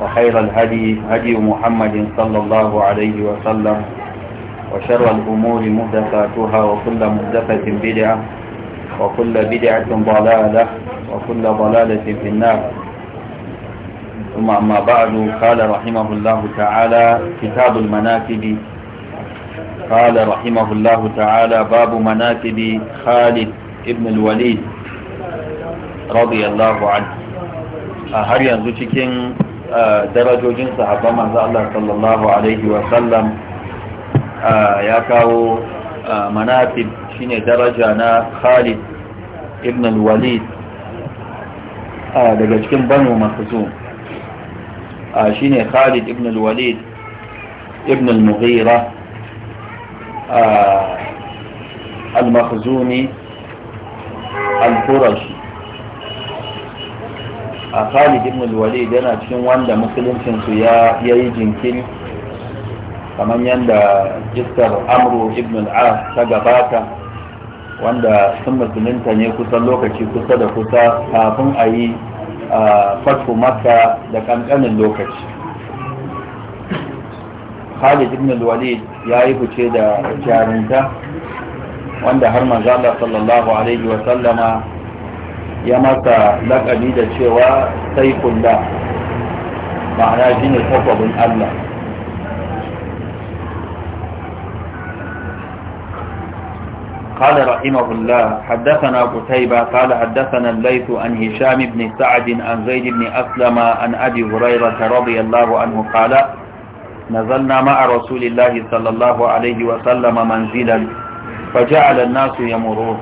وخير الهدي هدي محمد صلى الله عليه وسلم وشر الأمور مهدفاتها وكل مهدفة بدعة وكل بدعة ضلالة وكل ضلالة في النار ثم أما بعد قال رحمه الله تعالى كتاب المناكب قال رحمه الله تعالى باب مناكب خالد ابن الوليد رضي الله عنه هل ينزو cikin darajojin sahabban manzo Allah sallallahu alaihi wa sallam ya kawo manasib shine daraja na Khalid ibn al-Walid daga cikin Banu Makhzum shine Khalid ibn al-Walid ibn al-Mughira al-Makhzumi al-Qurashi a khalid ibn walid yana cikin wanda musuluncin su ya yayi jinkiri kamar yadda iskar amru ibn al-as ta gabata wanda sun musulunta ne kusan lokaci kusa da kusa kafin a yi fatu maka da kankanin lokaci khalid ibn walid ya yi fice da jarinta wanda har manzala sallallahu alaihi wa sallama ya masa lakabi da cewa saifun da ma'ana shi ne kwakwabin Allah قال رحمه الله حدثنا قتيبة قال حدثنا الليث عن هشام بن سعد عن زيد بن أسلم عن أبي هريرة رضي الله عنه قال نزلنا مع رسول الله صلى الله عليه وسلم منزلا فجعل الناس يمرون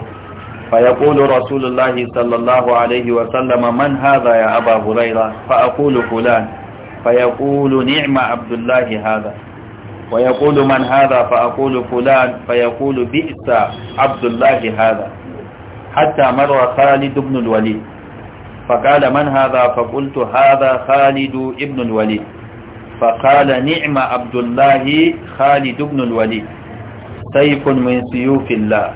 فيقول رسول الله صلى الله عليه وسلم من هذا يا أبا هريرة فأقول فلان فيقول نعم عبد الله هذا ويقول من هذا فأقول فلان فيقول بئس عبد الله هذا حتى مر خالد بن الوليد فقال من هذا فقلت هذا خالد بن الوليد فقال نعم عبد الله خالد بن الوليد سيف من سيوف الله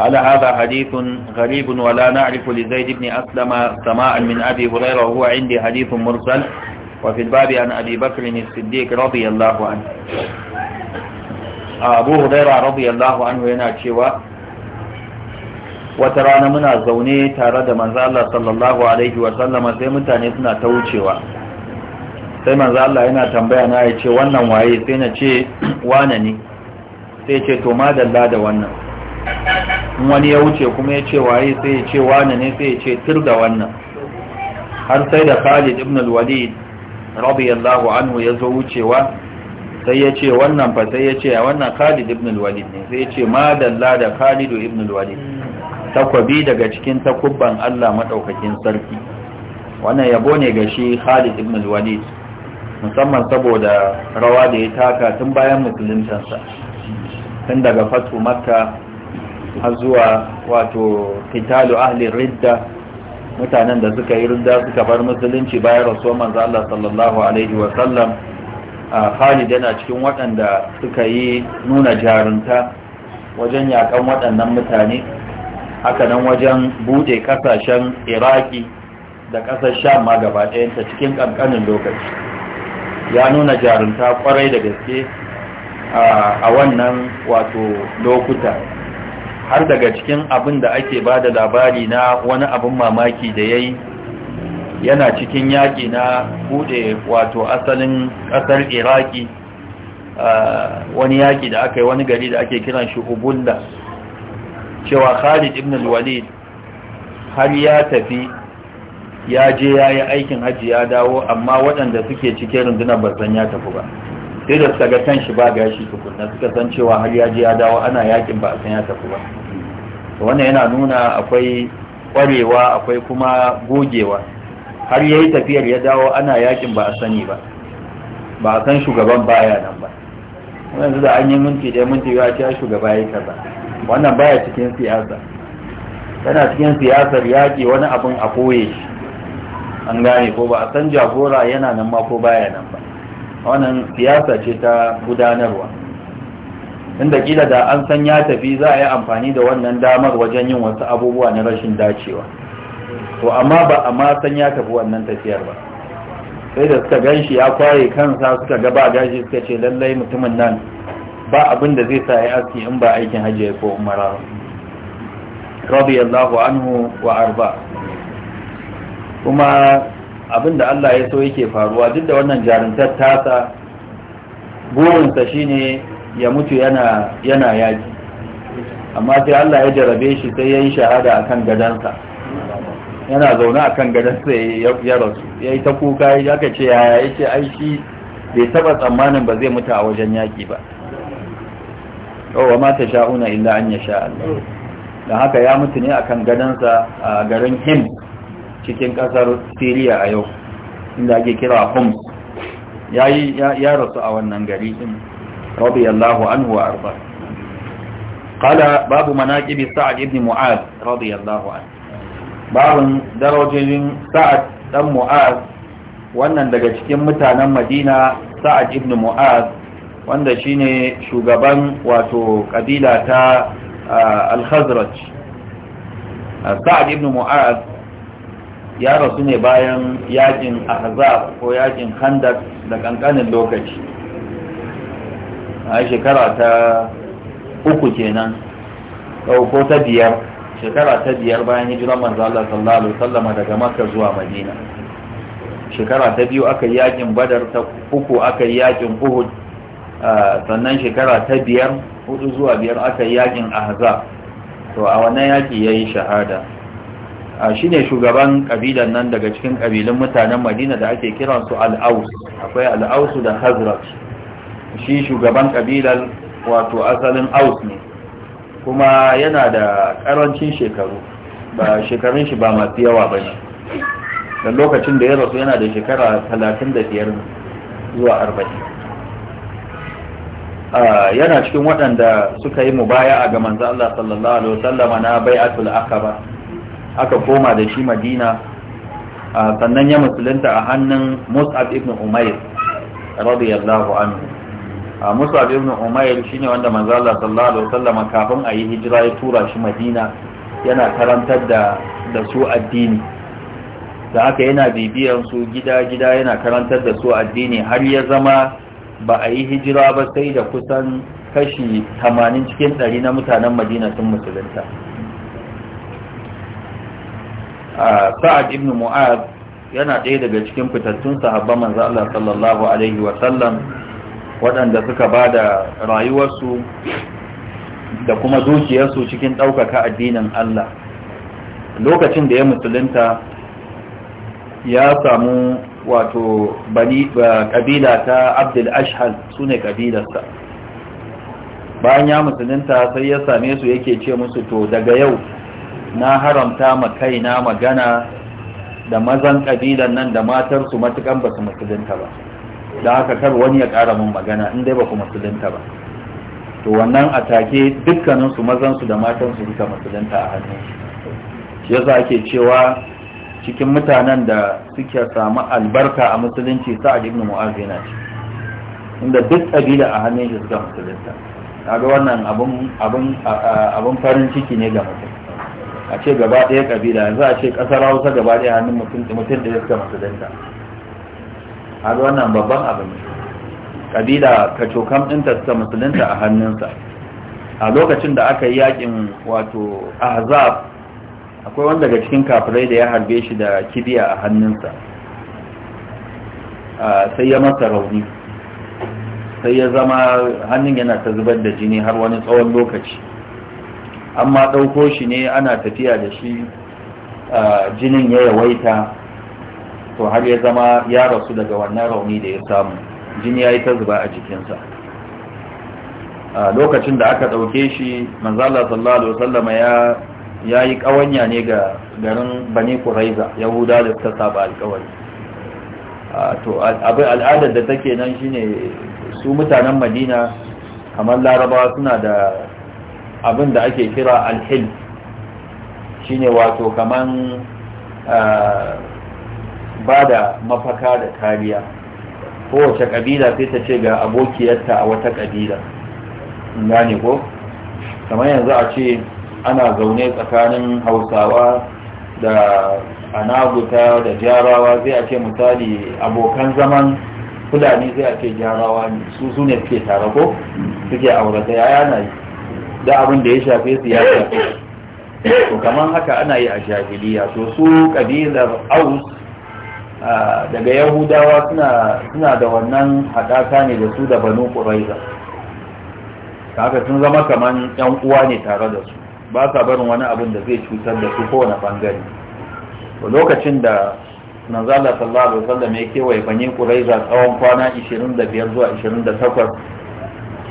قال هذا حديث غريب ولا نعرف لزيد بن أسلم سماعا من أبي هريرة وهو عندي حديث مرسل وفي الباب عن أبي بكر الصديق رضي الله عنه أبو هريرة رضي الله عنه يناتشوا وترانا منا زوني تارد من الله صلى الله عليه وسلم سيمتاني سنة توجوا sai manzo Allah yana tambaya na yace wannan waye sai na ce wane ne sai ce to madalla da wannan in wani ya wuce kuma ya ce waye sai ya ce wane ne sai ya ce tir da wannan har sai da khalid ibn al-walid radiyallahu anhu ya zo wucewa sai ya ce wannan fa sai ya ce wannan khalid ibn al-walid ne sai ya ce madalla da khalid ibn al-walid takwabi daga cikin takubban Allah madaukakin sarki wannan yabo ne ga shi khalid ibn al-walid musamman saboda rawa da ya taka tun bayan musuluntansa tun daga fatu makka har zuwa wato fitalu ahli ridda mutanen da suka yi ridda suka bar musulunci bayan rasuwar manzo Allah sallallahu alaihi wa sallam Khalid cikin waɗanda suka yi nuna jarunta wajen yakan waɗannan mutane haka nan wajen bude kasashen Iraki da ƙasar Sham ma gaba ɗayanta cikin ƙanƙanin lokaci ya nuna jarunta kwarai da gaske a wannan wato lokuta har daga cikin abin da ake ba da labari na wani abin mamaki da ya yana cikin yaƙi na buɗe wato asalin ƙasar iraki wani yaƙi da aka yi wani gari da ake kiran shi Ubunda. cewa khalid ibn al-walid har ya tafi ya je ya yi aikin hajji ya dawo amma waɗanda suke cikin rundunar basan ya tafi ba sai da suka ga kan shi ba gashi tukunna suka san cewa har ya je ya dawo ana yakin ba a san ya tafi ba wannan yana nuna akwai kwarewa akwai kuma gogewa har yayi tafiyar ya dawo ana yakin ba a sani ba ba a san shugaban baya nan ba yanzu da an yi minti da minti ya ce shugaba ya kaza wannan baya cikin siyasa yana cikin siyasar yaƙi wani abin a koye shi an gane ko ba a san jagora yana nan ma ko baya nan ba wannan siyasa ce ta gudanarwa inda kila da an san ya tafi za a yi amfani da wannan damar wajen yin wasu abubuwa na rashin dacewa to amma ba a ma san ya tafi wannan tafiyar ba sai da suka ganshi ya kware kansa suka ga ba gashi suka ce lallai mutumin nan ba abin da zai sa ya aski in ba aikin hajji ko umara radiyallahu anhu wa arba kuma abin da Allah ya so yake faruwa duk da wannan jarumtar tasa burinsa shine ya mutu yana yana yaji amma sai Allah ya jarabe shi sai yayi shahada akan gadansa yana zaune akan gadansa ya rasu yayi ta kuka aka ce yaya yace ai shi bai taba tsammanin ba zai mutu a wajen yaki ba oh, wa ma sha'una illa an ya Allah haka ya mutu ne akan gadansa a garin him cikin kasar Syria a yau inda ake kira homs ya rasu a wannan gari din رضي الله عنه وأرضاه قال باب مناكب سعد بن معاذ رضي الله عنه باب درجة سعد بن معاذ wannan daga cikin mutanen madina sa'ad ibn mu'az wanda shine shugaban wato kabila ta al-khazraj sa'ad ibn mu'az ya rasu ne bayan yakin ahzab ko yakin khandaq da kankanin lokaci a shekara ta uku kenan ko ta biyar shekara ta biyar bayan hijiran manzo Allah sallallahu alaihi wasallam daga Makka zuwa Madina shekara ta biyu aka yi yakin Badar ta uku aka yi yakin Uhud sannan shekara ta biyar hudu zuwa biyar aka yi yakin Ahzab to a wannan yaki yayi shahada shi shine shugaban ƙabilan nan daga cikin ƙabilun mutanen madina da ake kiransu al'aus akwai al'ausu da hazrat shi shugaban kabilar wato asalin aus ne kuma yana da karancin shekaru ba shekarun shi ba masu yawa ba ne da lokacin da ya rasu yana da shekara 35 zuwa 40 yana cikin waɗanda suka yi mubaya a ga Manza Allah sallallahu alaihi wasallama na bai'atul ba. aka koma da shi Madina sannan ya musulunta a hannun Mus'ab ibn Umair radiyallahu anhu a musa ibn umair shine wanda manzo Allah sallallahu alaihi wasallam kafin a yi hijira ya tura shi madina yana karantar da da su addini da haka yana bibiyan su gida gida yana karantar da su addini har ya zama ba a yi hijira ba sai da kusan kashi 80 cikin 100 na mutanen madina sun musulunta sa'ad ibn mu'ad yana ɗaya daga cikin fitattun sahabban manzo Allah sallallahu alaihi wasallam waɗanda suka ba da rayuwarsu da kuma dukiyarsu cikin ɗaukaka addinin Allah lokacin da ya musulunta ya samu wato ƙabila ta abdul ashhal su ne ƙabilarsa bayan ya musulunta sai ya same su yake ce musu to daga yau na haramta ma kaina magana da mazan ƙabilan nan da matarsu matukan ba su musulunta ba da haka kar wani ya ƙara mun magana in dai ba ku musulunta ba to wannan a take dukkaninsu su da matansu duka musulunta a hannun shi yasa ake cewa cikin mutanen da suke samu albarka a musulunci sa'ad jibin mu'az yana ci inda duk ƙabila a hannun shi suka musulunta ga wannan abin farin ciki ne ga mutum a ce gaba ɗaya ƙabila. yanzu a ce ƙasar hausa gaba ɗaya hannun mutum mutum da suka musulunta har wannan babban abu ne kabila kacokam ɗinta ta musulunta a hannunsa a lokacin da aka yi yakin wato ahzab akwai wanda daga cikin kafirai da ya harbe shi da kibiya a hannunsa sai ya masa rauni sai ya zama hannun yana ta zubar da jini har wani tsawon lokaci amma ɗauko shi ne ana tafiya da shi jinin ya yawaita to har ya zama ya rasu daga wannan rauni da ya samu jini ya yi ta zuba a jikinsa a lokacin da aka ɗauke shi manzala sallallahu alaihi wasallama ya yi ƙawanya ne ga garin bani kuraiza yahuda da ta saba alkawari to al'adar da take nan shine su mutanen madina kamar larabawa suna da abin da ake kira alhil shine wato kaman ba da mafaka da kariya kowace ƙabila sai ta ce ga abokiyarta a wata ƙabila gane ko kamar yanzu a ce ana zaune tsakanin hausawa da anaguta da jarawa zai a ce misali abokan zaman fulani zai a ce jarawa ne su su ne suke tare ko suke aurata yaya na yi da abin da ya shafe su ya shafe to kamar haka ana yi a jahiliya to su ƙabilar aus Ah, daga yahudawa suna da wannan haɗaka ne da su da banu ƙuraiza haka sun zama kamar yan uwa ne tare da su ba sa barin wani abin da zai cutar da su kowane ɓangare lokacin da manzala sallallahu alaihi wasallam ya kewaye bani ƙuraiza tsawon kwana 25 zuwa 28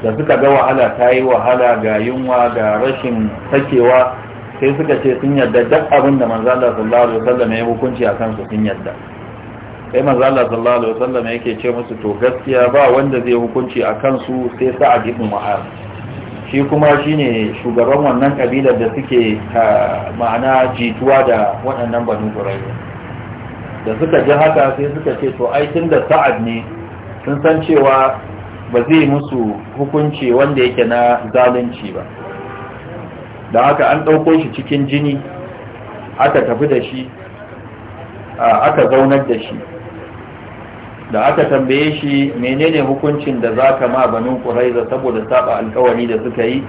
da suka ga wahala ta yi wahala ga yunwa ga rashin sakewa sai suka ce sun yarda duk abin da manzala sallallahu alaihi wasallam ya hukunci a kansu sun yarda sai manzo Allah sallallahu alaihi wasallam yake ce musu to gaskiya ba wanda zai hukunci a kansu sai Sa'ad ibn Mu'adh shi kuma shine shugaban wannan kabilar da suke ma'ana jituwa da waɗannan Banu Qurayza da suka ji haka sai suka ce to ai tunda Sa'ad ne sun san cewa ba zai musu hukunci wanda yake na zalunci ba da haka an ɗauko shi cikin jini aka tafi da shi aka zaunar da shi da aka tambaye shi menene hukuncin da za ka ma banin ƙuraiza saboda saba alkawari da suka yi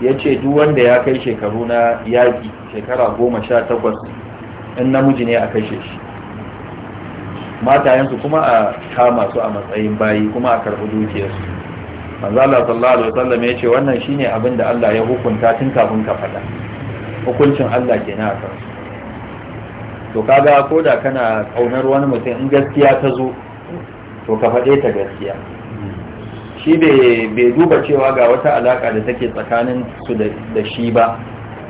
ya ce duk wanda ya kai shekaru na yaƙi shekara goma sha takwas in namiji ne a kashe shi matayensu kuma a kama su a matsayin bayi kuma a karɓi dukiyarsu manzala sallallahu alaihi wasallam ya ce wannan shine abin da Allah ya hukunta tun kafin ka faɗa hukuncin Allah kenan a kansu to kaga ko da kana kaunar wani mutum in gaskiya ta zo to ka faɗe ta gaskiya shi bai duba cewa ga wata alaƙa da take tsakanin su da shi ba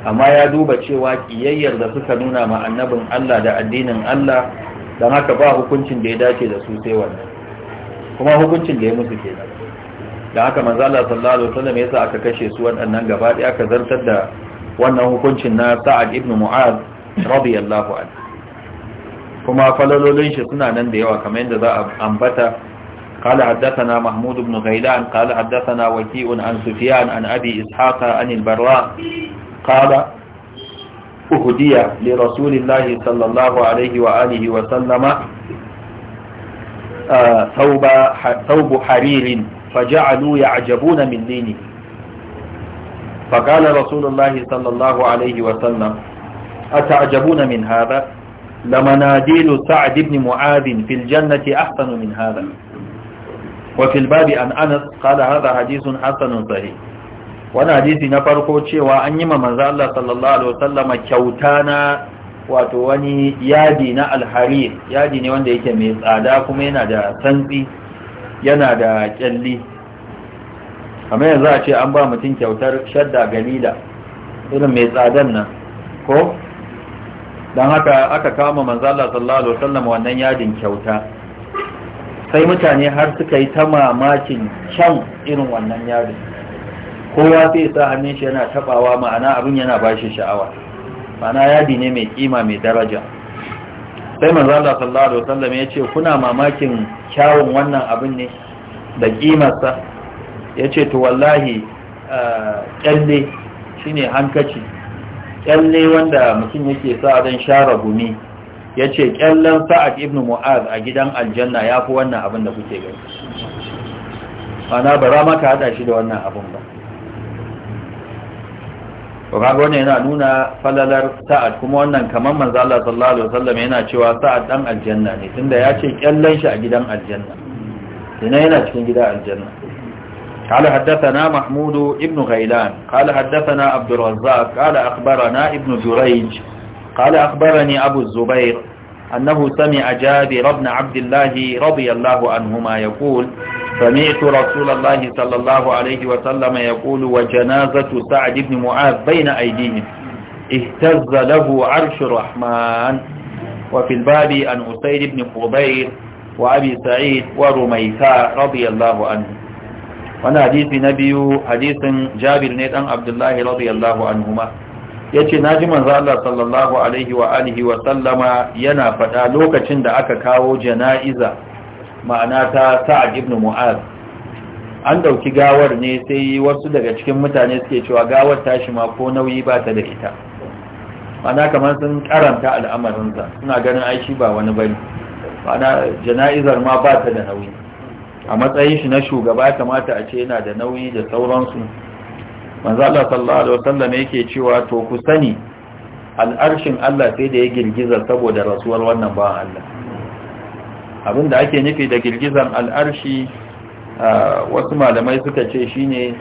amma ya duba cewa ƙiyayyar da suka nuna ma annabin Allah da addinin Allah don haka ba hukuncin da ya dace da su sai wannan kuma hukuncin da ya musu ke da haka manzala sallallahu alaihi wasallam yasa aka kashe su waɗannan gaba ɗaya aka zartar da wannan hukuncin na Sa'ad ibn Mu'az radiyallahu anhu kuma falalolin shi suna nan da yawa kamar yadda za a ambata قال حدثنا محمود بن غيلان قال حدثنا وكيء عن سفيان عن أبي إسحاق عن البراء قال أهدي لرسول الله صلى الله عليه وآله وسلم ثوب ثوب حرير فجعلوا يعجبون من دينه فقال رسول الله صلى الله عليه وسلم أتعجبون من هذا لمناديل سعد بن معاذ في الجنة أحسن من هذا وفي الباب عن أنس قال هذا حديث حسن صحيح wani hadisi na farko cewa an yi manzo Allah sallallahu alaihi wasallama kyauta na wato wani yadi na alharir yadi ne wanda yake mai tsada kuma yana da santsi yana da kyalli kamar yanzu a ce an ba mutum kyautar shadda galila irin mai tsadan nan ko don haka aka kama manzala sallallahu alaihi wasallam wannan yadin kyauta sai mutane har suka yi ta mamakin can irin wannan yadin kowa sai sa hannun shi yana tabawa ma'ana abin yana ba shi sha'awa ma'ana yadi ne mai kima mai daraja sai manzala sallallahu alaihi wasallam ya ce kuna mamakin kyawun wannan abin ne da kimarsa ya ce to wallahi kyalle eh, shine hankaci kyalle wanda mutum yake sa zan share gumi ya ce kyallen sa'ad ibn mu'az a gidan aljanna ya fi wannan abin da kuke gani ana bara maka hada shi da wannan abin ba ƙwarar yana nuna falalar sa'ad kuma wannan kamar manzo Allah sallallahu alaihi wasallam yana cewa sa'ad dan aljanna ne tunda ya ce kyallen shi a gidan aljanna ina yana cikin gidan aljanna قال حدثنا محمود ابن غيلان قال حدثنا عبد الرزاق قال أخبرنا ابن جريج قال أخبرني أبو الزبير أنه سمع جابر بن عبد الله رضي الله عنهما يقول سمعت رسول الله صلى الله عليه وسلم يقول وجنازة سعد بن معاذ بين أيديهم اهتز له عرش الرحمن وفي الباب أن أسير بن قبير وأبي سعيد ورميثاء رضي الله عنهم wani hadisi na biyu hadisin jabir ne dan abdullahi radiyallahu anhuma na ji manzo Allah sallallahu alaihi wa alihi wa sallama yana fada lokacin da aka kawo jana'iza ma'ana ta Sa'ad ibn Mu'az an dauki gawar ne sai wasu daga cikin mutane suke cewa gawar tashi ma ko nauyi ba ta da ita ma'ana kamar sun karanta sa, suna ganin aishi ba wani bane ma'ana jana'izar ma ba ta da nauyi a matsayin shi na shugaba kamata a ce yana da nauyi da sauransu manzo Allah sallallahu alaihi wasallam yake cewa to ku sani al'arshin Allah sai da ya girgiza saboda rasuwar wannan bawan Allah abinda ake nufi da girgizan al'arshi wasu malamai suka ce shine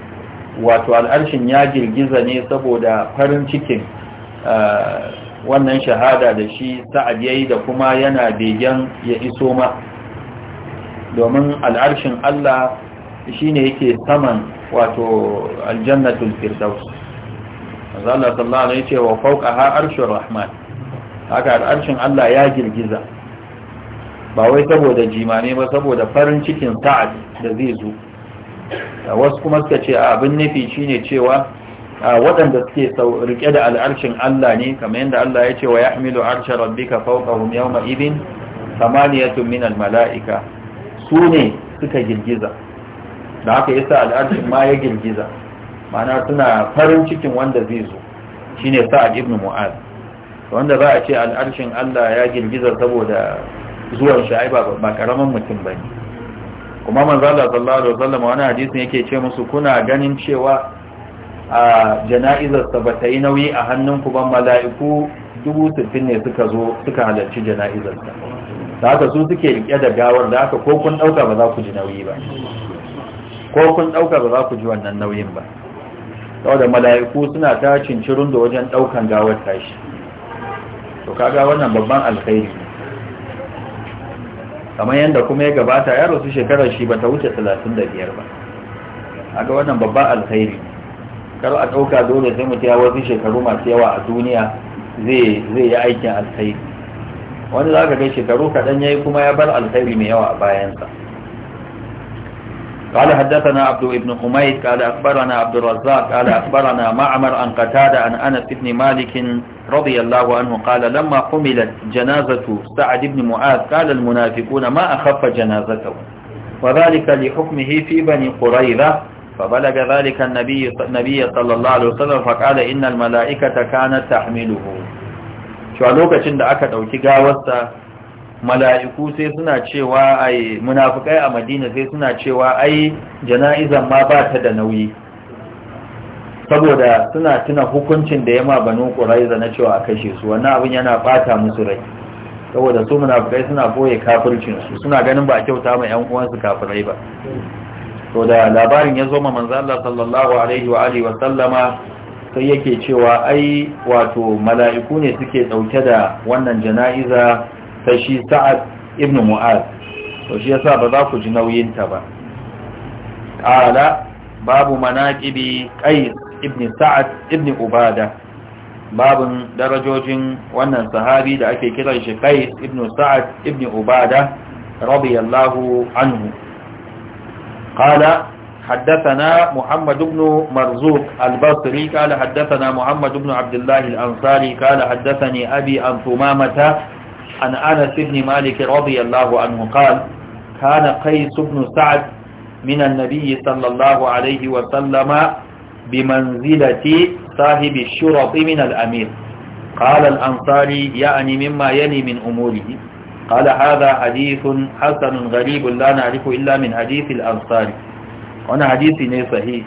wato al'arshin ya girgiza ne saboda farin cikin wannan shahada da shi sa'ad yayi da kuma yana begen ya iso ma domin al'arshin Allah ne yake saman wato aljannatul firdaus Allah sallallahu alaihi ce wa fawqaha arshur rahman haka al'arshin Allah ya girgiza ba wai saboda jimane ba saboda farin cikin sa'ad da zai zo wasu kuma suka ce abin nufi ne cewa waɗanda suke rike da al'arshin Allah ne kamar yadda Allah ya ce wa yahmilu arsha rabbika fawqahum yawma idin samaniyatun min al-mala'ika su ne suka girgiza da haka yasa al'adun ma ya girgiza mana suna farin cikin wanda zai zo shine sa'ad ibn mu'az wanda za a ce al'arshin Allah ya girgiza saboda zuwan shaiba ba karaman mutum ba ne. kuma manzo Allah sallallahu alaihi wasallam wani hadisin yake ce musu kuna ganin cewa a jana'izar ba bata yi nauyi a hannunku ban mala'iku dubu sittin ne suka zo suka halarci jana'izar da haka su suke rike da gawar da haka ko kun dauka ba za ku ji nauyi ba ko kun dauka ba za ku ji wannan nauyin ba saboda mala'iku suna ta cincirun da wajen daukan gawar tashi to kaga wannan babban alkhairi kamar yadda kuma ya gabata ya rasu shekarar shi ba ta wuce 35 ba kaga wannan babban alkhairi kar a dauka dole sai mutum ya wasu shekaru masu yawa a duniya zai yi aikin alkhairi wani za ka kai shekaru kaɗan ya yi kuma ya bar alkhairi mai yawa a bayansa قال حدثنا عبد ابن حميد قال أخبرنا عبد الرزاق قال أخبرنا معمر عن قتادة عن أنس بن مالك رضي الله عنه قال لما حملت جنازة سعد بن معاذ قال المنافقون ما أخف جنازته وذلك لحكمه في بني قريظة فبلغ ذلك النبي, النبي صلى الله عليه وسلم فقال إن الملائكة كانت تحمله cewa lokacin da aka ɗauki gawarsa mala'iku sai suna cewa ai munafukai a madina sai suna cewa ai jana'izan ma ba ta da nauyi saboda suna tuna hukuncin da ya ma banu ƙuraiza na cewa a kashe su wannan abin yana ɓata musu rai saboda su munafukai suna boye kafircinsu suna ganin ba a kyauta ma 'yan uwansu kafirai ba to da labarin ya zoma ma Allah sallallahu alaihi wa alihi wa sallama sai yake cewa ai wato mala'iku ne suke dauke da wannan jana'iza ta shi sa'ad ibn mu'az to shi yasa ba za ku ji nauyin ta ba Ƙala. babu manaƙibi qais ibn sa'ad ibn ubada babin darajojin wannan sahabi da ake kiran shi qais ibn sa'ad ibn ubada radiyallahu anhu qala حدثنا محمد بن مرزوق البصري قال حدثنا محمد بن عبد الله الأنصاري قال حدثني أبي عن ثمامة عن أنس بن مالك رضي الله عنه قال كان قيس بن سعد من النبي صلى الله عليه وسلم بمنزلة صاحب الشرط من الأمير قال الأنصاري يعني مما يلي من أموره قال هذا حديث حسن غريب لا نعرف إلا من حديث الأنصاري wani hadisi ne sahi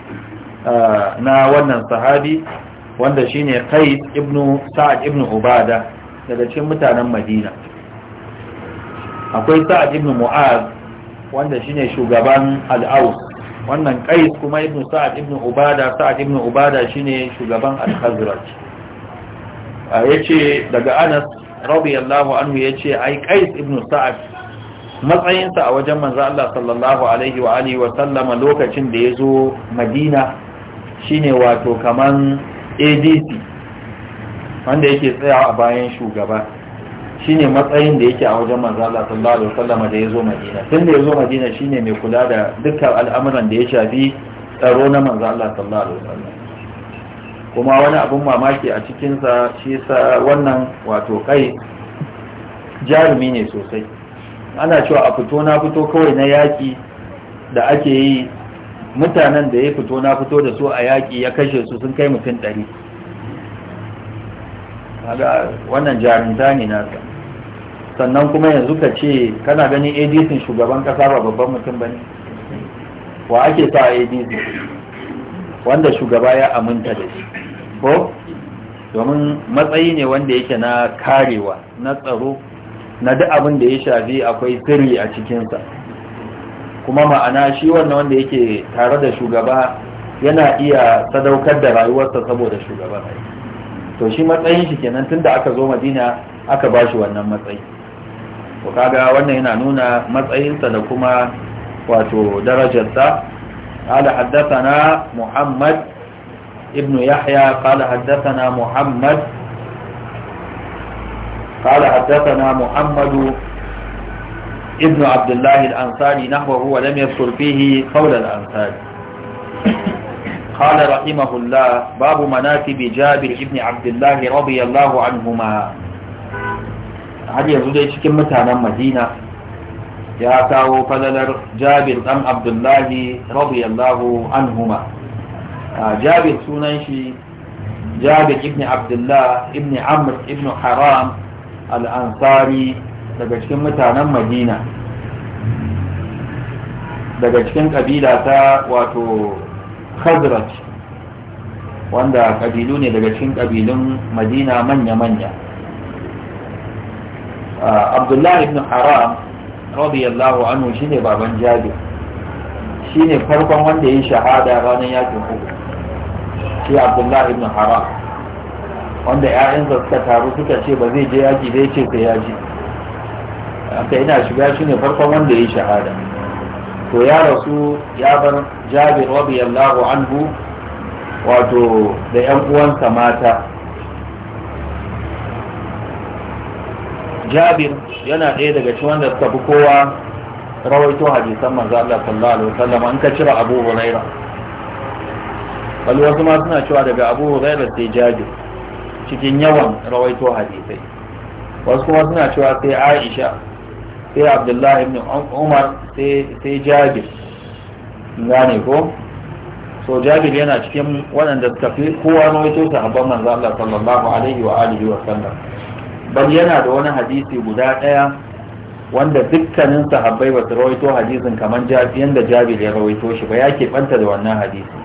ah, na wannan sahabi wanda shine qais ibnu sa'ad ibnu ubada daga cikin mutanen madina akwai sa'ad ibnu mu'az wanda shine shugaban alaus wannan qais kuma ibnu sa'ad ibnu ubada sa'ad ibnu ubada shine shugaban al-khazraj ah, yace daga anas radiyallahu anhu yace ai kais ibnu sa'ad matsayinsa a wajen manzo Allah sallallahu alaihi wa alihi wa sallama lokacin da ya zo Madina shine wato kaman ADC wanda yake tsaya a bayan shugaba shine matsayin da yake a wajen manzo Allah sallallahu alaihi wa sallama da ya zo Madina tun da ya zo Madina shine mai kula da dukkan al'amuran da ya shafi tsaro na manzo Allah sallallahu alaihi wa sallama kuma wani abun mamaki a cikinsa shi sa wannan wato kai jarumi ne sosai ana cewa a fito na fito kawai na yaƙi da ake yi mutanen da ya fito na fito da su a yaƙi ya kashe su sun kai mutum ɗari wannan jarinta ne nasa sannan kuma yanzu ka ce kana ganin adc shugaban ƙasa ba babban mutum ba ne wa ake sa adc wanda shugaba ya aminta da shi ko domin matsayi ne wanda yake na karewa na tsaro na duk abin da ya shafi akwai sirri a cikinsa kuma ma'ana shi wannan wanda yake tare da shugaba yana iya sadaukar da rayuwarsa saboda shugaba to shi matsayin shi kenan tunda aka zo madina aka ba shi wannan matsayi to kaga wannan yana nuna matsayinsa da kuma wato darajarsa قال حدثنا muhammad ibnu yahya قال حدثنا muhammad. قال حدثنا محمد ابن عبد الله الأنصاري نحوه ولم يذكر فيه قول الأنصاري قال رحمه الله باب مناكب جابر ابن عبد الله رضي الله عنهما har yanzu dai cikin mutanen madina ya kawo falalar jabir dan abdullahi radiyallahu anhuma jabir sunan shi jabir ibn abdullah ibn amr ibn haram al'ansari daga cikin mutanen madina daga cikin kabilata ta wato khazraj wanda kabilu ne daga cikin kabilun madina manya-manya abdullahi ibn haram radiyallahu anhu shine baban shi ne farkon wanda ya shahada ranar yakin uhud shi abdullahi ibn haram wanda 'ya'yansa suka taru suka ce ba zai je yaji da ce sai yaji aka ina shiga shi ne farkon wanda ya yi shahada to ya rasu ya bar jabir radiyallahu anhu wato da 'yan uwansa mata jabir yana ɗaya daga cikin wanda suka fi kowa rawaito hadisan manzo Allah sallallahu alaihi wasallam an ka cira Abu Hurairah Wani wasu ma suna cewa daga Abu Hurairah sai Jabir cikin yawan rawaito hadisai wasu kuma suna cewa sai aisha sai abdullahi ibn um-, umar sai jabir gane ko so jabir yana cikin waɗanda suka fi kowa rawaito sahabban manzo Allah sallallahu alaihi wa alihi wa sallam bal yana da wani hadisi guda ɗaya wanda dukkanin sahabbai ba su rawaito hadisin kamar yadda jabir ya rawaito shi ba ya keɓanta da wannan hadisi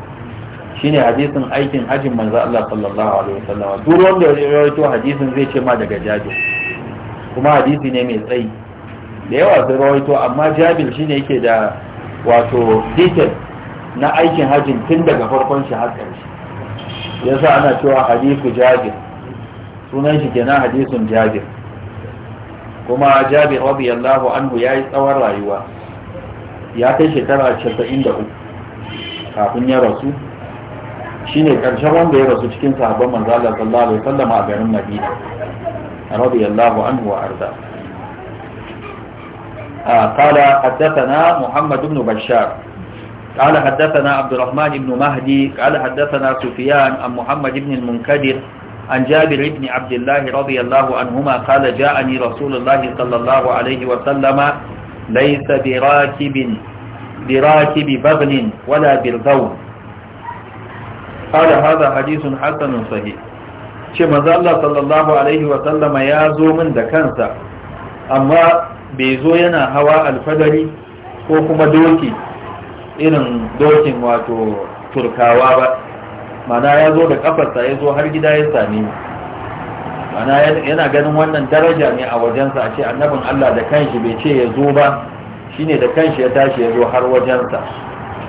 shine hadisin aikin hajjin manzo Allah sallallahu alaihi wasallam duk wanda ya rawaito hadisin zai ce ma daga Jabir kuma hadisi ne mai tsayi da yawa sun rawaito amma Jabir shine yake da wato detail na aikin hajjin tun daga farkon shi har ƙarshe yasa ana cewa hadisu Jabir sunan shi kenan hadisun Jabir kuma Jabir radiyallahu anhu yayi tsawon rayuwa ya kai shekara 93 kafin ya rasu shine karshen wanda ya rasu cikin sahabban manzo Allah sallallahu alaihi wasallam a garin Madina radiyallahu anhu wa arda قال حدثنا محمد بن بشار قال حدثنا عبد الرحمن بن مهدي قال حدثنا سفيان عن محمد بن المنكدر عن جابر بن عبد الله رضي الله عنهما قال جاءني رسول الله صلى الله عليه وسلم ليس براكب براكب بغل ولا بالغول qala Haza hadithun hasanun sahih ce maza Allah sallallahu alaihi wa sallama ya zo min da kansa amma bai zo yana hawa alfadari ko kuma doki irin dokin wato turkawa ba mana ya zo da kafarsa ya zo har gida ya same mana yana ganin wannan daraja ne a wajensa a ce annabin Allah da kanshi bai ce ya zo ba shine da kanshi ya tashi ya zo har wajensa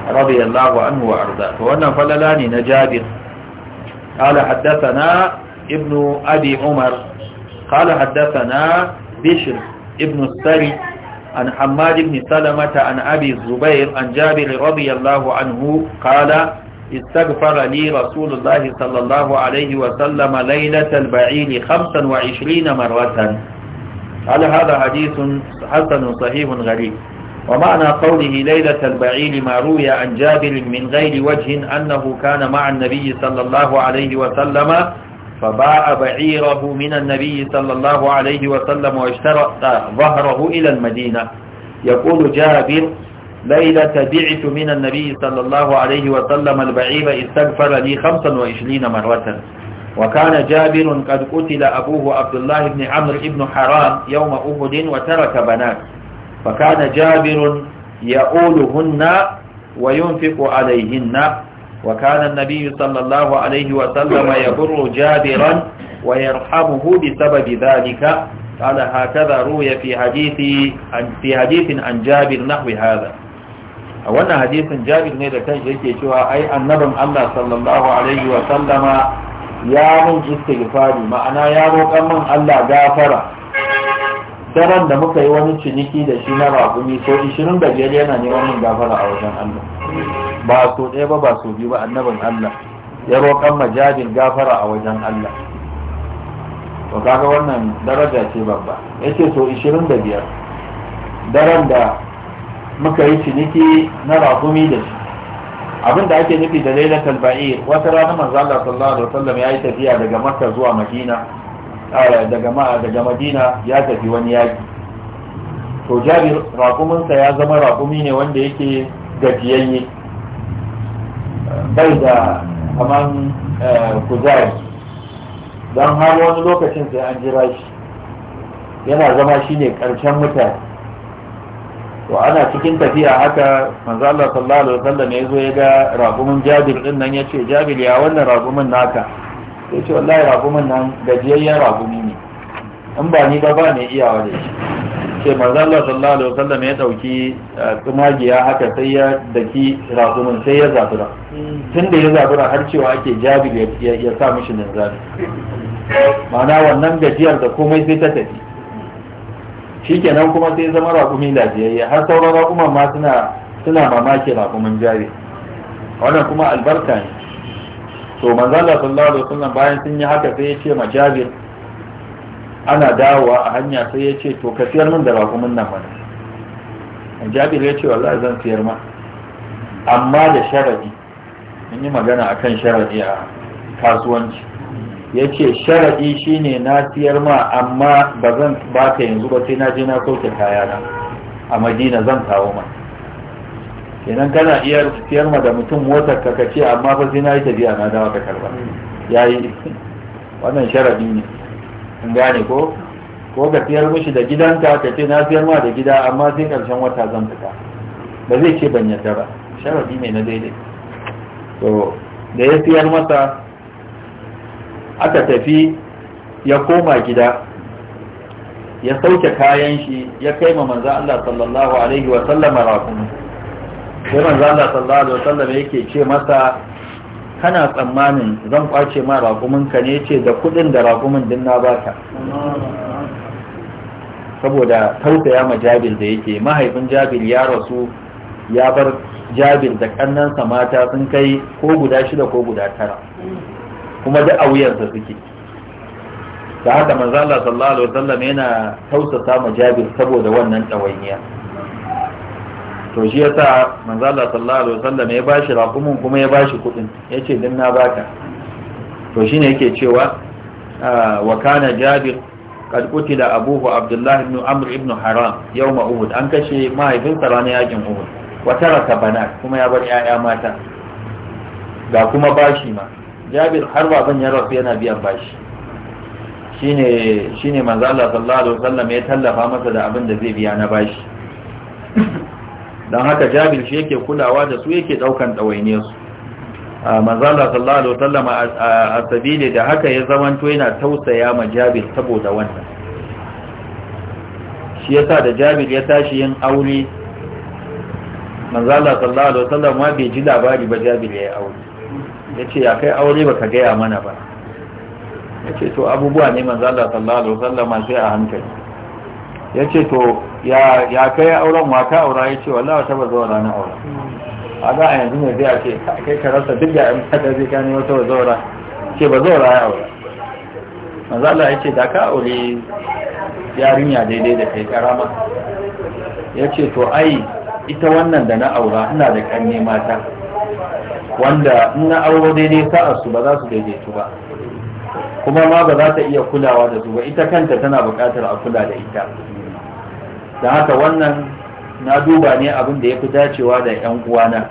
رضي الله عنه وأرضاه فوانا فللان نجابر قال حدثنا ابن أبي عمر قال حدثنا بشر ابن السري عن حماد بن سلمة عن أبي الزبير عن جابر رضي الله عنه قال استغفر لي رسول الله صلى الله عليه وسلم ليلة البعيل خمسا وعشرين مرة قال هذا حديث حسن صحيح غريب ومعنى قوله ليلة البعيل ما روي عن جابر من غير وجه أنه كان مع النبي صلى الله عليه وسلم فباع بعيره من النبي صلى الله عليه وسلم واشترط ظهره إلى المدينة يقول جابر ليلة بعت من النبي صلى الله عليه وسلم البعير استغفر لي 25 مرة وكان جابر قد قتل أبوه عبد الله بن عمرو بن حرام يوم أهد وترك بنات فكان جابر يؤولهن وينفق عليهن وكان النبي صلى الله عليه وسلم يبر جابرا ويرحمه بسبب ذلك قال هكذا روي في حديث في حديث عن جابر نحو هذا wannan hadisin jabir ne da kanshi yake cewa ai annabin Allah sallallahu alaihi wa sallama ya mun istighfari ma'ana ya roƙan min Allah gafara daren da muka yi wani ciniki da shi na raƙumi so 25 yana neman min gafara a wajen Allah ba so ɗaya ba ba so biyu ba annabin Allah ya roƙan majabin gafara a wajen Allah to kaga wannan daraja ce babba yace so 25 daren da muka yi ciniki na raƙumi da shi abin da ake nufi da lailatul ba'ir wata rana manzo Allah sallallahu alaihi wasallam ya yi tafiya daga Makka zuwa Madina daga ma'a daga madina ya tafi wani yaki to jari raƙuminsa ya zama rakumi ne wanda yake gajiyayye bai da kaman eh, kuzari don har wani lokacin sai an jira shi yana zama shi ne ƙarshen mutane to ana cikin tafiya haka manzo Allah sallallahu alaihi wasallam ya zo ya ga raƙumin Jabir din nan ce, Jabir ya wannan raƙumin naka Sai ce wallahi ragumin nan gajiyayyen ragumi ne in ba ni ba ba mai iyawa da shi ce mazalla sallallahu alaihi wasallam ya dauki eh, tsumagiya haka sai ya daki ragumin sai ya zabura tun da ya zabura har cewa ake jabir ya sa mishi zabi ma'ana wannan gajiyar da komai sai ta tafi shikenan kuma sai zama ragumi lafiyayye har sauran rakuman ma suna suna mamaki ragumin jari wannan kuma albarka ne to manzala sallallahu alaihi wasallam bayan sun yi haka sai ya ce ma ana dawowa a hanya sai ya ce to ka siyar min da rakumin nan mana majabir ya ce wallahi zan siyar ma amma da sharadi mun yi magana akan sharadi a kasuwanci ya ce sharadi shine na siyar ma amma ba zan baka yanzu ba sai na je na sauke kayana a madina zan kawo ma kenan kana iya fiyar ma da mutum motar ka kace amma fa sai na yi tafiya na dawo ta karba yayi wannan sharadi ne in gane ko ko ka fiyar mishi da gidanka ka ce na fiyar ma da gida amma sai karshen wata zan fita ba zai ce ban yarda ba sharadi ne na daidai to da ya fiyar masa aka tafi ya koma gida ya sauke kayan shi ya kai ma manzo Allah sallallahu alaihi wa sallama rakumi sai manzo sallallahu alaihi wasallam yake ce masa kana tsammanin zan kwace ma raƙumin ka ne ce da kuɗin da raƙumin din na baka saboda tausaya ma jabir da yake mahaifin jabir ya rasu ya bar jabir da kannansa mata sun kai ko guda shida ko guda tara kuma da a wuyansa suke da haka manzo Allah sallallahu alaihi wasallam yana tausasa ma jabir saboda wannan tsawainiya to shi yasa manzo Allah sallallahu alaihi wasallam ya bashi raqumin kuma ya bashi kudin yace din na baka to shine yake cewa ah, wa kana jabir qad qutila abuhu abdullah ibn amr ibn haram yawm uhud an kashe mahaifinsa ranar yakin uhud wa taraka banat kuma ya bar yaya mata ga kuma bashi ma jabir har baban ya rasu yana biyan bashi shine shine manzo Allah sallallahu alaihi wasallam ya tallafa masa da abin da zai biya na bashi don haka jabir shi yake kulawa da su yake daukan ɗawainiyar su manzala sallallahu alaihi wasallam a sabili da haka ya zamanto yana tausaya ma jabir saboda wannan shi yasa da jabir ya tashi yin aure manzala sallallahu alaihi wasallam ma bai ji labari ba jabir ya yi aure yace ya kai aure baka gaya mana ba yace to abubuwa ne manzala sallallahu alaihi wasallam sai a hankali ya ce to ya kai auren waka aura ya ce wallawa ta ba zaura na aura a za a yanzu ne zai a ce kai ka rasa duk da yan fada zai kani wata ba zaura ce ba zaura ya aura mazala ya ce da ka aure yarinya daidai da kai karama ya ce to ai ita wannan da na aura ina da kanne mata wanda ina aure daidai sa'arsu ba za su daidaitu ba kuma ma ba za ta iya kulawa da su ba ita kanta tana buƙatar a kula da ita da haka wannan na duba ne abin da ya fi dacewa da 'yan uwana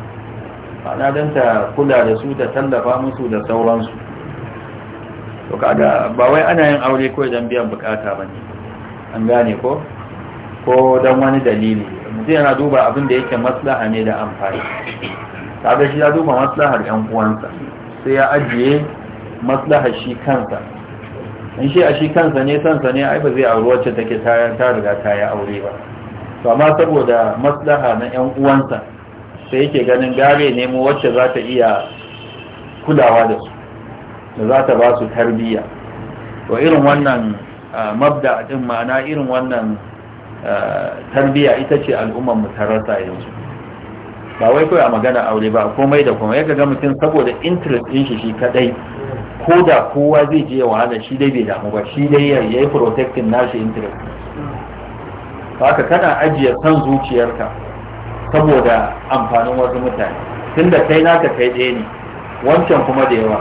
ma'ana don ta kula da su ta tallafa musu da sauransu to kaga ba wai ana yin aure ko don biyan bukata ba ne an gane ko ko don wani dalili mutum yana duba abin da yake maslaha ne da amfani kaga shi ya duba maslahar 'yan uwansa sai ya ajiye maslahar shi kansa in shi a shi kansa ne sansa ne ai ba zai auri wacce take ta riga ta yi aure ba to amma saboda maslaha na yan uwansa sai yake ganin gare nemo wacce za ta iya kulawa da su da za ta ba su tarbiyya to irin wannan mabda din ma'ana irin wannan tarbiyya ita ce al'ummar mu tarasa yanzu ba wai kawai a magana aure ba komai da komai ya ga mutum saboda interest din shi shi kadai ko da kowa zai je ya wahala shi dai bai damu ba shi dai ya yi protecting nashi interest haka kana ajiye san zuciyarka saboda amfanin wasu mutane tunda kai naka kai ɗaya ne wancan kuma da yawa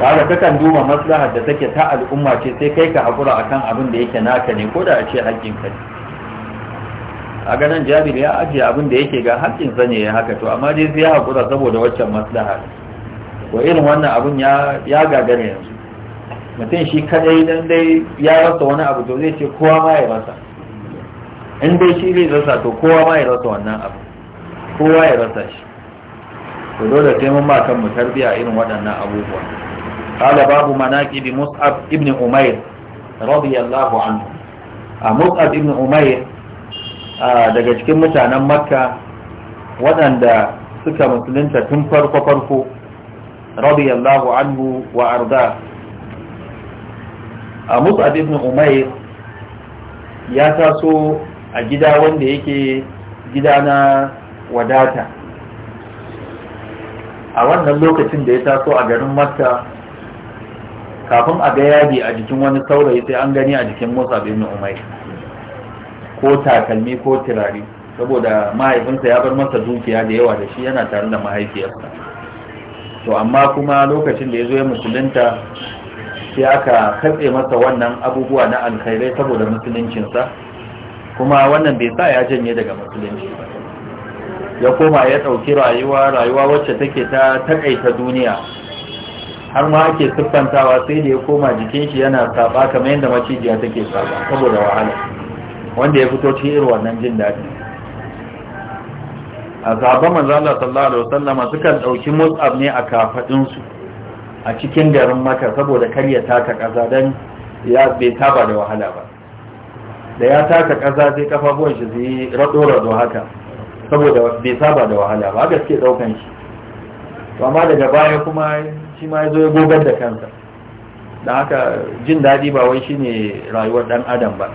ba kakan duba maslahar da take ta al'umma ce sai kai ka haƙura akan abin da yake naka ne ko da a ce haƙƙin ka ne a ganin jabir ya ajiye abin da yake ga haƙƙinsa ne ya haka to amma dai sai ya haƙura saboda waccan maslahar. wa irin wannan abun ya gagara yanzu mutum shi kadai dan dai ya rasa wani abu to zai ce kowa ma ya rasa in dai shi zai rasa to kowa ma ya rasa wannan abu kowa ya rasa shi to dole sai mun ba kan mu tarbiya irin waɗannan abubuwa kala babu bi mus'ab ibn umair radiyallahu anhu a mus'ab ibn umair daga cikin mutanen makka waɗanda suka musulunta tun farko farko رضي الله عنه وأرضاه مصعب بن عمير ya taso a gida wanda yake gida na wadata a wannan lokacin da ya taso a garin makka kafin a ga yadi a jikin wani saurayi sai an gani a jikin musa bin umar ko takalmi ko turare saboda mahaifinsa ya bar masa dukiya da yawa da shi yana tare da mahaifiyarsa to amma kuma lokacin da ya zo ya musulunta sai aka katse masa wannan abubuwa na alkhairai saboda musuluncinsa kuma wannan bai sa ya janye daga musulunci ya koma ya ɗauki rayuwa rayuwa wacce take ta taƙaita duniya har ma ake siffantawa sai da ya koma jikin shi yana saba kamar yadda macijiya take saba saboda wahala wanda ya fito cikin irin wannan jin daɗi a zaɓa manzala sallallahu alaihi wasallam sukan ɗauki mus'ab ne a kafaɗinsu a cikin garin maka saboda kar ya taka kaza don ya bai taba da wahala ba da ya taka kaza sai kafafuwan shi zai raɗo-raɗo haka saboda bai saba da wahala ba haka suke ɗaukan shi to amma daga baya kuma shi ma yazo zo ya gogar da kansa dan haka jin dadi ba wai shine rayuwar dan adam ba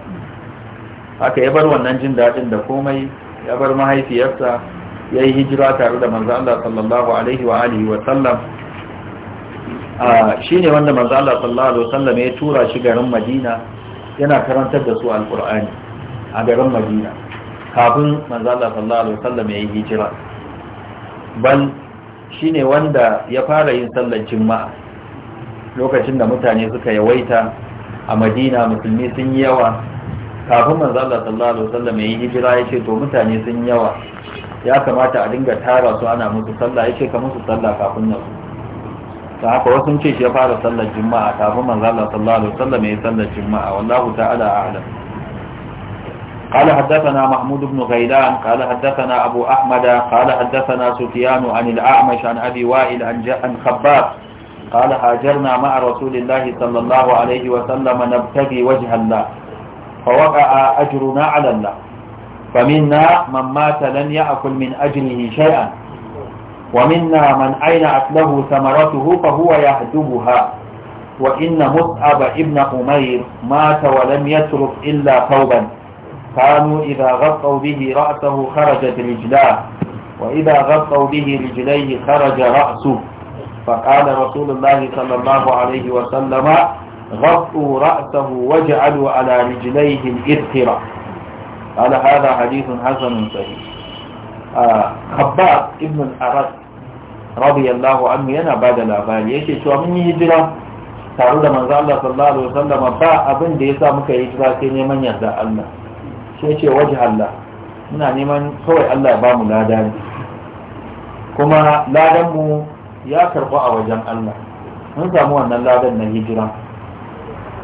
haka ya bar wannan jin dadin da komai ya bar mahaifiyarsa ya yi hijira tare da manzo Allah sallallahu alaihi wa alihi wa sallam shi ne wanda manzo Allah sallallahu alaihi wa sallam ya tura shi garin Madina yana karantar da su alqur'ani a garin Madina kafin manzo Allah sallallahu alaihi wa sallam ya yi hijira bal shi ne wanda ya fara yin sallar juma'a lokacin da mutane suka yawaita a Madina musulmi sun yi yawa kafin manzo Allah sallallahu alaihi wa sallam ya yi hijira ya ce to mutane sun yawa ya kamata a dinga tara su ana musu sallah ya ka musu sallah kafin na su ta haka wasu ce shi ya fara sallar juma'a kafin manzo Allah sallallahu alaihi wasallam ya sallar juma'a wallahu ta'ala a'lam قال حدثنا محمود بن غيلان قال حدثنا أبو أحمد قال حدثنا سفيان عن الأعمش عن أبي وائل عن, خباب قال هاجرنا مع رسول الله صلى الله عليه وسلم نبتغي وجه الله فوقع أجرنا على الله فمنا من مات لم يأكل من أجله شيئا ومنا من أينعت له ثمرته فهو يهدبها وإن مصعب ابن أمير مات ولم يترك إلا ثوبا كانوا إذا غطوا به رأسه خرجت رجلاه وإذا غطوا به رجليه خرج رأسه فقال رسول الله صلى الله عليه وسلم غطوا رأسه واجعلوا على رجليه الإذخرة قال هذا حديث حسن صحيح خباب ابن الأرد رضي الله عنه yana bada labari yake cewa mun yi hijira tare da manzo Allah sallallahu alaihi ba abin da yasa muka yi hijira sai neman yarda Allah sai ce waje Allah muna neman kawai Allah bamu lada ne kuma ladan mu ya karbu a wajen Allah mun samu wannan ladan na hijira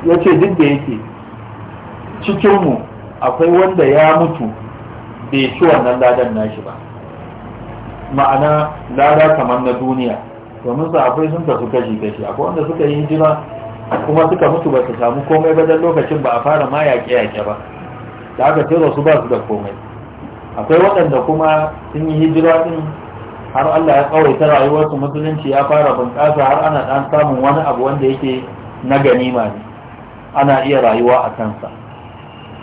yace duk da yake cikin mu akwai wanda ya mutu bai ci wannan ladan nashi ba ma'ana lada kamar na duniya domin akwai sun tafi kashi kashi akwai wanda suka yi hijira kuma suka mutu ba su samu komai ba dan lokacin ba a fara ma yaƙe yaƙe ba da aka tura su ba su da komai akwai waɗanda kuma sun yi hijira din har Allah ya tsawaita rayuwarsu musulunci ya fara bunƙasa har ana ɗan samun wani abu wanda yake na ganima ne ana iya rayuwa a kansa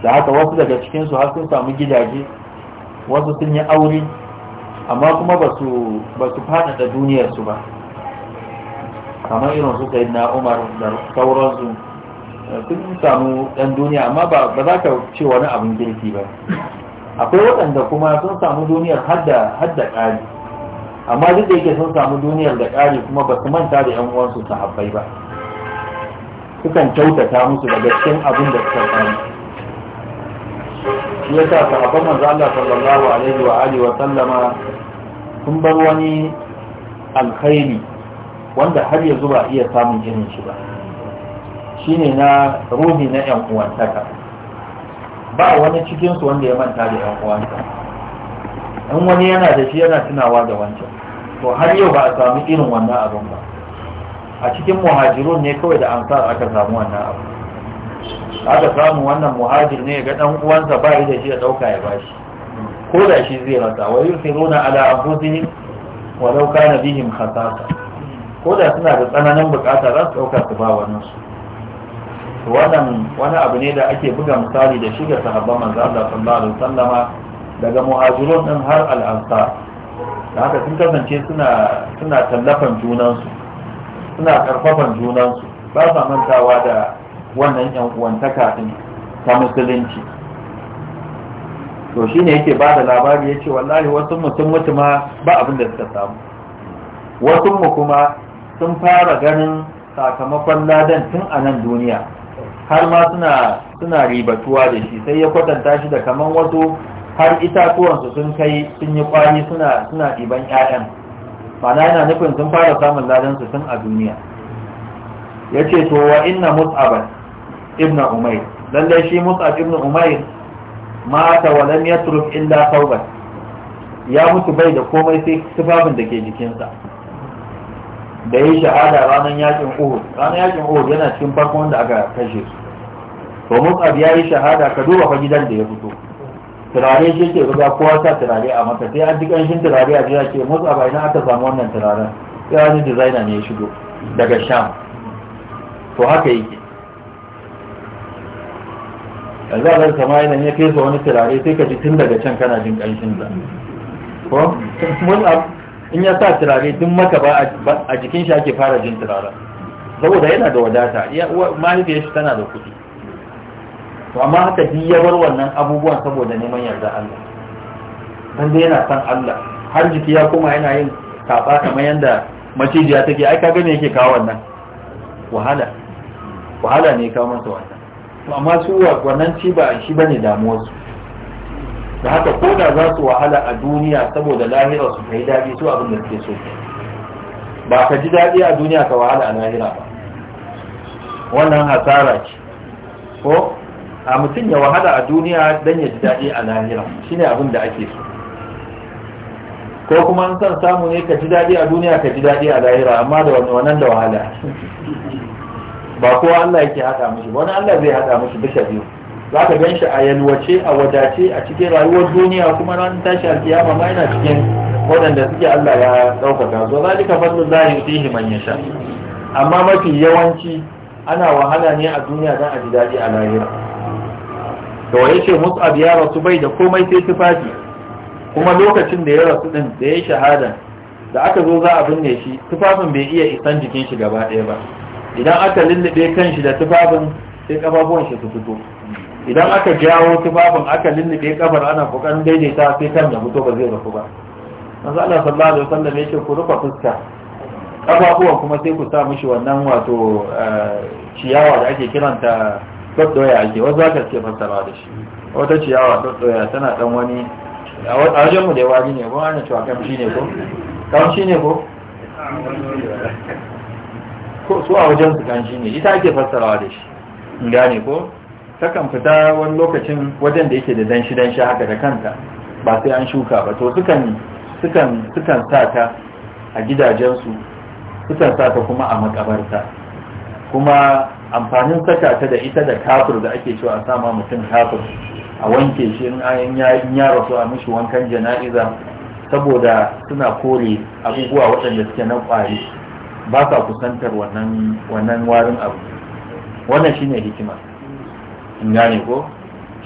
da haka wasu daga cikinsu har sun samu gidaje wasu sun yi aure amma kuma ba su faɗaɗa duniyarsu ba kamar irin su sai na umar da sauransu eh, sun samu ɗan duniya amma ba za ka ce wani abin girki ba akwai waɗanda kuma sun samu duniyar har da ƙari amma duk da yake sun samu duniyar da ƙari kuma ba su manta da 'yan uwansu sahabbai ba sukan kyautata musu daga cikin abin da suka samu shi yasa sahabban manzo Allah sallallahu alaihi wa alihi wa sallama sun bar wani alkhairi wanda har yanzu ba iya samun irin shi ba shine na ruhi na yan uwantaka ba wani cikin su wanda ya manta da yan uwanta. in wani yana da shi yana tunawa da wancan to har yau ba a samu irin wannan abin ba a cikin muhajirun ne kawai da ansar aka samu wannan abu aka samu wannan muhajir ne ga dan uwansa ba da shi ya dauka ya bashi ko da shi zai rasa wa yusiruna ala anfusihim walau kana bihim khasasa ko da suna da tsananin bukata za su dauka su ba wannan su wannan wani abu ne da ake buga misali da shi ga sahabban manzo Allah sallallahu alaihi wasallama daga muhajirun din har al-ansar da haka sun kasance suna suna tallafan junansu suna karfafan junansu ba sa mantawa da wannan yan uwantaka din ta musulunci to ne yake ba da labari ya ce wallahi wasu mutum mutu ba abin da suka samu wasu mu kuma sun fara ganin sakamakon ladan tun a nan duniya har ma suna suna ribatuwa da shi sai ya kwatanta shi da kaman wasu har itatuwansu sun kai sun yi kwari suna suna ɗiban 'ya'yan mana yana nufin sun fara samun ladansu tun a duniya ya ce to wa inna mus'aban ibn umayr lalle shi Musa, ibn umayr mata wa lam yatruk illa thawban ya mutu bai da komai sai tufafin da ke jikinsa da yi shahada ranar yakin uhud ranar yakin uhud yana cikin farko wanda aka kashe su to Musa ya yi shahada ka duba fa gidan da ya fito turare shi ke riga kowa sa turare a maka sai an ji ƙanshin turare a jiya ke Musa a ina aka samu wannan turaren sai wani designer ne ya shigo daga sham to haka yake yanzu a zai sama idan ya fesa wani turare sai ka ji tun daga can kana jin ƙanshin sa ko in ya sa turare tun maka ba a jikin shi ake fara jin turaren saboda yana da wadata ya shi tana da kuɗi to amma haka ji ya bar wannan abubuwan saboda neman yarda Allah dan dai yana san Allah har jiki ya koma yana yin saba kamar yanda macijiya take ai ka me yake kawo wannan wahala wahala ne kawo masa wannan to amma su wannan ci ba shi bane damuwarsu da haka ko da za su wahala a duniya saboda lahira su kai daɗi su abin da suke so ba ka ji daɗi a duniya ka wahala a lahira ba wannan hasara ce ko a mutum ya wahala a duniya don ya ji daɗi a lahira shine abin da ake so ko kuma an san samu ne ka ji daɗi a duniya ka ji daɗi a lahira amma da wannan da wahala ba ko Allah yake haɗa mishi wani Allah zai haɗa mishi bisa biyu za ka gan shi a yalwace a wadace a cikin rayuwar duniya kuma ran tashi alkiyama ma yana cikin waɗanda suke Allah ya ɗaukaka zo zalika fasu zahi fihi man yasha amma mafi yawanci ana wahala ne a duniya dan a ji daɗi a lahira to ce mus'ab ya rasu bai da komai sai tufafi kuma lokacin da ya rasu din da ya shahada da aka zo za a binne shi tufafin bai iya isan jikin shi gaba ɗaya ba idan aka lullube kanshi da tufafin sai kafafuwan shi su fito idan aka jawo tufafin aka lullube kafar ana kokarin daidaita sai kan da mutu ba zai rufu ba manzo Allah sallallahu alaihi wasallam yake ku rufa fuska kafafuwan kuma sai ku sa mishi wannan wato eh, ciyawa da ake kiranta doddoya ake wasu aka ce fassara da shi wata ciyawa doddoya tana dan wani a wajen mu da wani ne ko ana cewa kamshi ne ko kamshi ne ko su a wajen su kan shi ne ita ake fassarawa da shi gane ko takan fita wani lokacin wajen da yake da danshi danshi haka da kanta ba sai an shuka ba to sukan sukan sukan sa ta a gidajensu sukan sa ta kuma a makabarta kuma amfanin saka ta da ita da kafir da ake cewa a sama mutum kafir a wanke shi in ya rasu a mishi wankan jana'iza saboda suna kore abubuwa waɗanda suke na ƙwari ba sa kusantar wannan warin abu wannan shine hikima in gane ko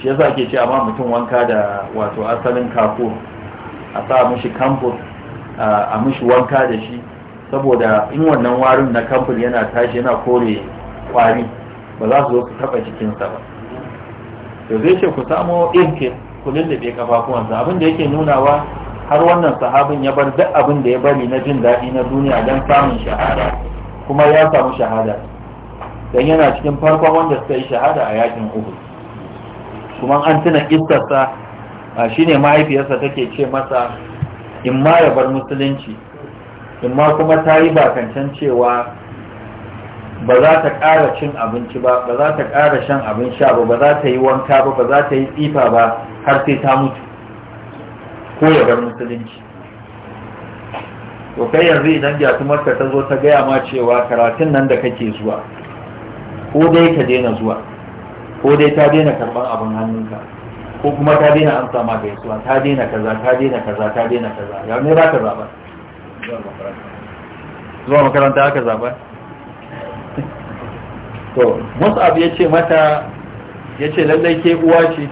shi yasa ake ce amma mutum wanka da wato asalin kaku a sa mishi kamfur a mishi wanka da shi saboda in wannan warin na kamfur yana tashi yana kore kwari ba za su zo su taba jikinsa ba to zai ce ku samo irke ku lullube kafafuwansa abin da yake nunawa har wannan sahabin ya bar duk abin da ya bari na jin daɗi na duniya don samun shahada kuma ya samu shahada don yana cikin farkon wanda suka yi shahada a yakin uku kuma an tuna istarsa shi ne mahaifiyarsa take ce masa in ma ya bar musulunci in ma kuma ta yi bakancan cewa ba za ta ƙara cin abinci ba ba za ta ƙara shan abin sha ba ba za ta yi wanka ba ba za ta yi tsifa ba har sai ta mutu ko ya bar musulunci to kai yanzu idan jatumarka ta zo ta gaya ma cewa karatun nan da kake zuwa ko dai ka daina zuwa ko dai ta daina karban abin hannunka ko kuma ta daina amsa ma yasuwa ta daina kaza ta daina kaza ta daina kaza ya ne za ka zaba zuwa makaranta aka zaba to abu ya ce mata ya ce lallai ke uwa ce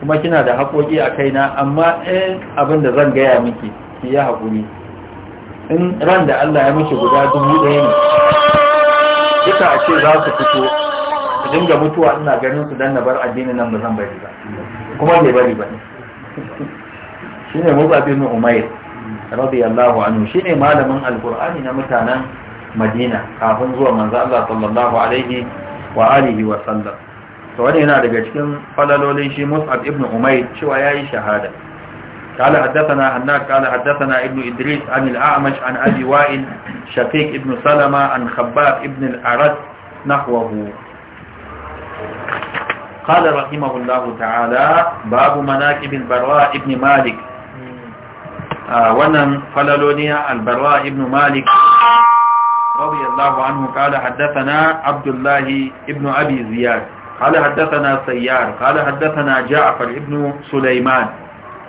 kuma kina da haƙoƙi a kaina amma in abin da zan gaya miki ki yi haƙuri in ran da Allah ya miki guda dubu ɗaya ne duka a ce za su fito su dinga mutuwa ina ganin su dan na bar addinin nan ba zan bari ba kuma bai bari ba ne shine Musa mu Umair radiyallahu anhu shine malamin alqur'ani na mutanen Madina kafin zuwa manzo Allah sallallahu alaihi wa alihi wa sallam to wani yana daga cikin falalolin shi mus'ab ibn umayr cewa yayi shahada قال حدثنا هناك قال حدثنا ابن إدريس عن الأعمش عن أبي وائل شفيق ابن سلمة عن خباب ابن الأرد نحوه قال رحمه الله تعالى باب مناكب البراء ابن مالك آه ونن فللونيا البراء ابن مالك رضي الله عنه قال حدثنا عبد الله ابن أبي زياد قال حدثنا سيار قال حدثنا جعفر بن سليمان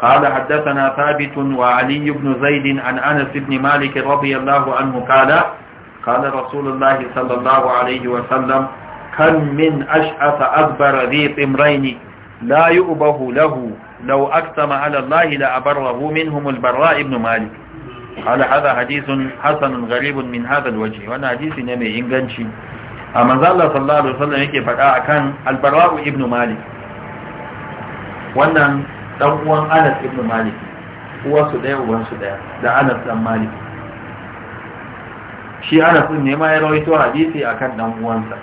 قال حدثنا ثابت وعلي بن زيد عن أنس بن مالك رضي الله عنه قال قال رسول الله صلى الله عليه وسلم كم من أشعث أكبر ذي طمرين لا يؤبه له لو أكتم على الله لأبره منهم البراء بن مالك قال هذا حديث حسن غريب من هذا الوجه وأنا حديث نمي إنجنشي a manzala sallallahu alaihi wasallam yake faɗa akan albarra'u ibnu malik wannan dan uwan anas ibnu malik su ɗaya su ɗaya da anas dan malik shi anas din ne ma ya rawaito hadisi akan dan uwansa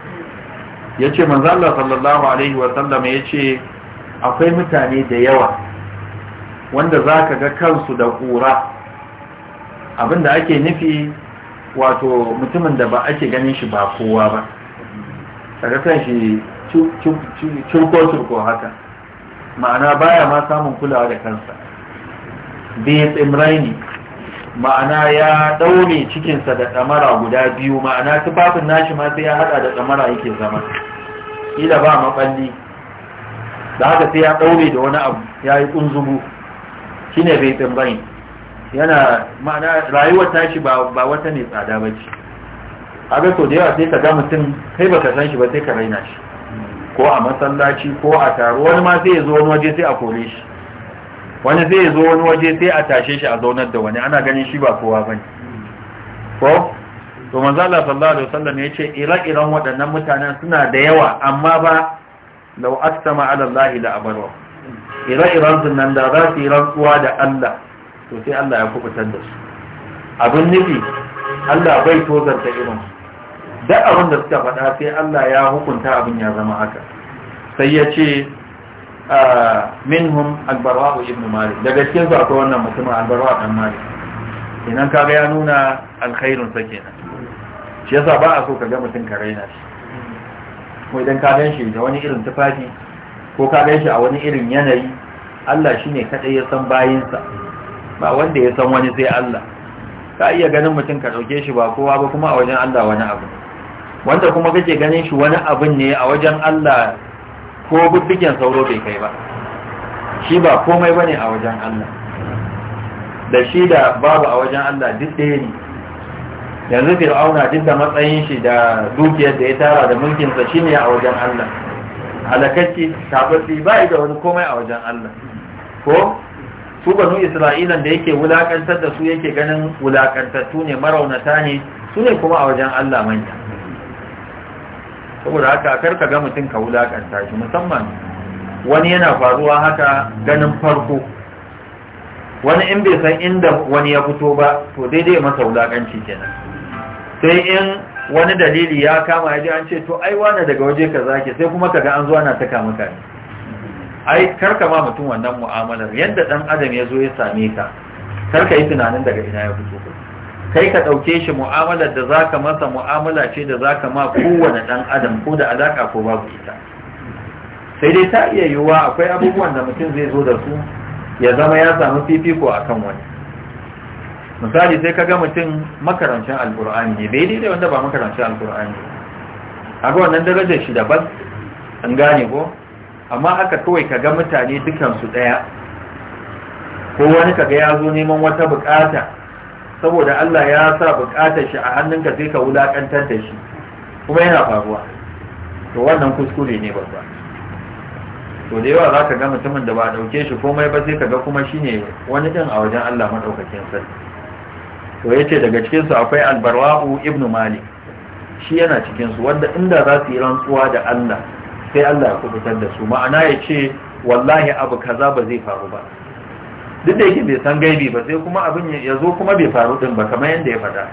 yace manzala sallallahu alaihi wasallam yace akwai mutane da yawa wanda zaka ga kansu da kura abinda ake nufi wato mutumin da ba ake ganin shi ba kowa ba daga kan shi curko-curko haka ma'ana baya ma samun kulawa da kansa bai tsimraini ma'ana ya ɗaure cikinsa da ɗamara guda biyu ma'ana tufafin nashi ma sai ya haɗa da ɗamara yake zama Ila ba maɓalli da haka sai ya ɗaure da wani abu ya yi ƙunzubu shi ne bai tsimraini yana ma'ana rayuwar tashi ba wata ne tsada ba ce haka so da yawa sai ka ga mutum kai baka san shi ba sai ka raina shi ko a masallaci ko a taro wani ma sai ya zo wani waje sai a kore shi wani sai ya zo wani waje sai a tashe shi a zaunar da wani ana ganin shi ba kowa bane ko to manzo Allah sallallahu alaihi wasallam ce, ira-iran waɗannan mutanen suna da yawa amma ba law aktama ala Allah la abara ira-iran sunan da za su yi rantsuwa da Allah to sai Allah ya kubutar da su abin nufi Allah bai tozarta irin su duk abin da suka faɗa sai Allah ya hukunta abin ya zama haka sai ya ce ah, minhum albarwa ibn malik daga cikin su akwai wannan mutumin albarwa dan malik kenan kaga ya nuna alkhairun sa kenan shi yasa ba a so ka ga mutum ka raina shi ko idan ka gan shi da wani irin tufafi ko ka gan shi a wani irin yanayi Allah shine kadai ya san bayinsa ba wanda ya san wani sai Allah ka iya ganin mutum ka dauke shi ba kowa ba kuma a wajen Allah wani abu wanda kuma kake ganin shi wani abin ne a wajen Allah ko bubbigen sauro bai kai ba shi ba komai bane a wajen Allah da shi da babu a wajen Allah duk ɗaya ne yanzu fir'auna duk da matsayin shi da dukiyar da ya tara da mulkinsa shi ne a wajen Allah halakacci tabbatsi ba da wani komai a wajen Allah ko su banu isra'ilan da yake wulakantar da su yake ganin wulakantattu ne maraunata ne su ne kuma a wajen Allah manya saboda haka kar ka ga mutum ka wulakanta shi musamman wani yana faruwa haka ganin farko wani in bai san inda wani ya fito ba to daidai masa wulakanci kenan sai in wani dalili ya kama ya ji an ce to ai wani daga waje ka zake sai kuma ka ga an zuwa na ta kama ka ai karka ma mutum wannan mu'amalar yadda dan adam ya zo ya same ka karka yi tunanin daga ina ya fito kai ka ɗauke shi mu'amalar da za ka masa mu'amala ce da za ka ma kowane ɗan adam ko da alaƙa ko babu ita sai dai ta iya yiwuwa akwai abubuwan da mutum zai zo da su ya zama ya samu fifiko a kan wani misali sai ka ga mutum makarancin Alƙur'ani, ne bai daidai wanda ba makarancin Alƙur'ani. a ga wannan darajar shi daban an gane ko amma haka kawai ka ga mutane dukansu ɗaya ko wani ka ga ya zo neman wata buƙata saboda Allah ya sa bukatar shi a hannunka sai ka wulakantar da shi kuma yana faruwa to wannan kuskure ne babba to da yawa za ka ga mutumin da ba a ɗauke shi komai ba sai ka ga kuma shi ne wani ɗin a wajen Allah maɗaukakin sarki to ya ce daga cikinsu akwai albarwa'u ibnu malik shi yana cikinsu wanda inda za su yi rantsuwa da Allah sai Allah ya kubutar da su ma'ana ya ce wallahi abu kaza ba zai faru ba duk da yake bai san gaibi ba sai kuma abin ya zo kuma bai faru din ba kamar yadda ya faɗa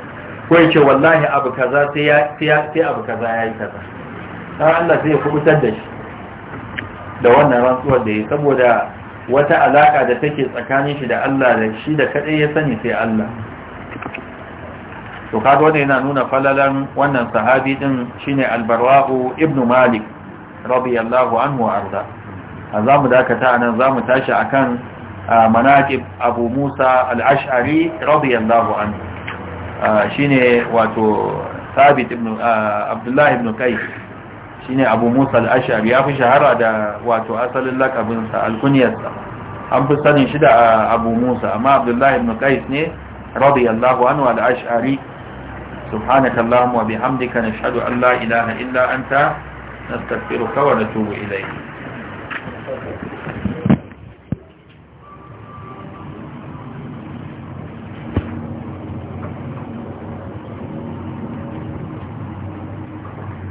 ko ya ce wallahi abu kaza sai abu kaza ya yi kaza har Allah sai ya kubutar da shi da wannan rantsuwar da ya saboda wata alaka da take tsakanin shi da Allah da shi da kadai ya sani sai Allah to kaga wannan yana nuna falalan wannan sahabi din shine albara'u ibnu malik radiyallahu anhu arda azamu dakata anan zamu tashi akan manaqib abu musa al-ash'ari radiyallahu anhu ne wato sabit ibn abdullah ibn kayf shine abu musa al-ash'ari ya fi shahara da wato asalin lakabin sa al an fi sanin shi da abu musa amma abdullah ibn kayf ne radiyallahu anhu al-ash'ari سبحانك اللهم وبحمدك نشهد أن لا إله إلا أنت نستغفرك ونتوب إليك